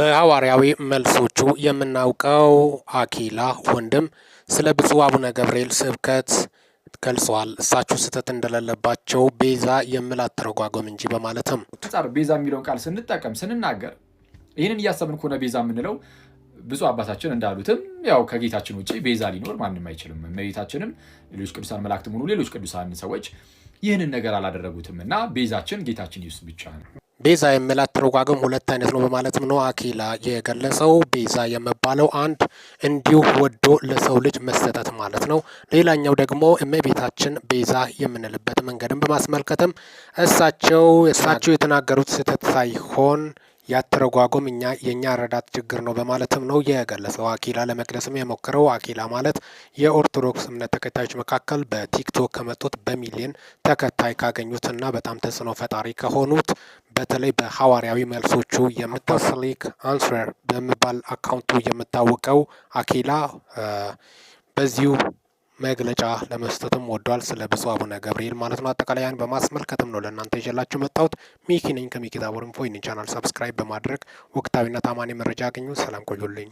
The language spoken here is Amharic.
በሐዋርያዊ መልሶቹ የምናውቀው አኪላ ወንድም ስለ ብፁዕ አቡነ ገብርኤል ስብከት ገልጸዋል። እሳቸው ስህተት እንደሌለባቸው ቤዛ የሚል አተረጓጎም እንጂ በማለትም ጻር ቤዛ የሚለውን ቃል ስንጠቀም ስንናገር ይህንን እያሰብን ከሆነ ቤዛ የምንለው ብዙ አባታችን እንዳሉትም ያው ከጌታችን ውጭ ቤዛ ሊኖር ማንም አይችልም። እመቤታችንም፣ ሌሎች ቅዱሳን መላእክትም ሆኑ ሌሎች ቅዱሳን ሰዎች ይህንን ነገር አላደረጉትም እና ቤዛችን ጌታችን ኢየሱስ ብቻ ነው። ቤዛ የሚላት ትርጓሜም ሁለት አይነት ነው በማለትም ነው አኪላ የገለጸው። ቤዛ የሚባለው አንድ እንዲሁ ወዶ ለሰው ልጅ መሰጠት ማለት ነው። ሌላኛው ደግሞ እመቤታችን ቤዛ የምንልበት መንገድን በማስመልከትም እሳቸው እሳቸው የተናገሩት ስህተት ሳይሆን ያተረጓጎም እኛ የእኛ ረዳት ችግር ነው በማለትም ነው የገለጸው። አኪላ ለመቅደስም የሞክረው አኪላ ማለት የኦርቶዶክስ እምነት ተከታዮች መካከል በቲክቶክ ከመጡት በሚሊዮን ተከታይ ካገኙት እና በጣም ተጽዕኖ ፈጣሪ ከሆኑት በተለይ በሐዋርያዊ መልሶቹ የምታስሊክ አንስር በሚባል አካውንቱ የምታወቀው አኪላ በዚሁ መግለጫ ለመስጠትም ወዷል። ስለ ብፁዕ አቡነ ገብርኤል ማለት ነው። አጠቃላይ ያን በማስመልከትም ነው ለእናንተ ይዤላችሁ መጣሁት። ሚኪ ነኝ ከሚኪታቦር ኢንፎ። ቻናል ሰብስክራይብ በማድረግ ወቅታዊና ታማኒ መረጃ ያገኙ። ሰላም ቆዩልኝ።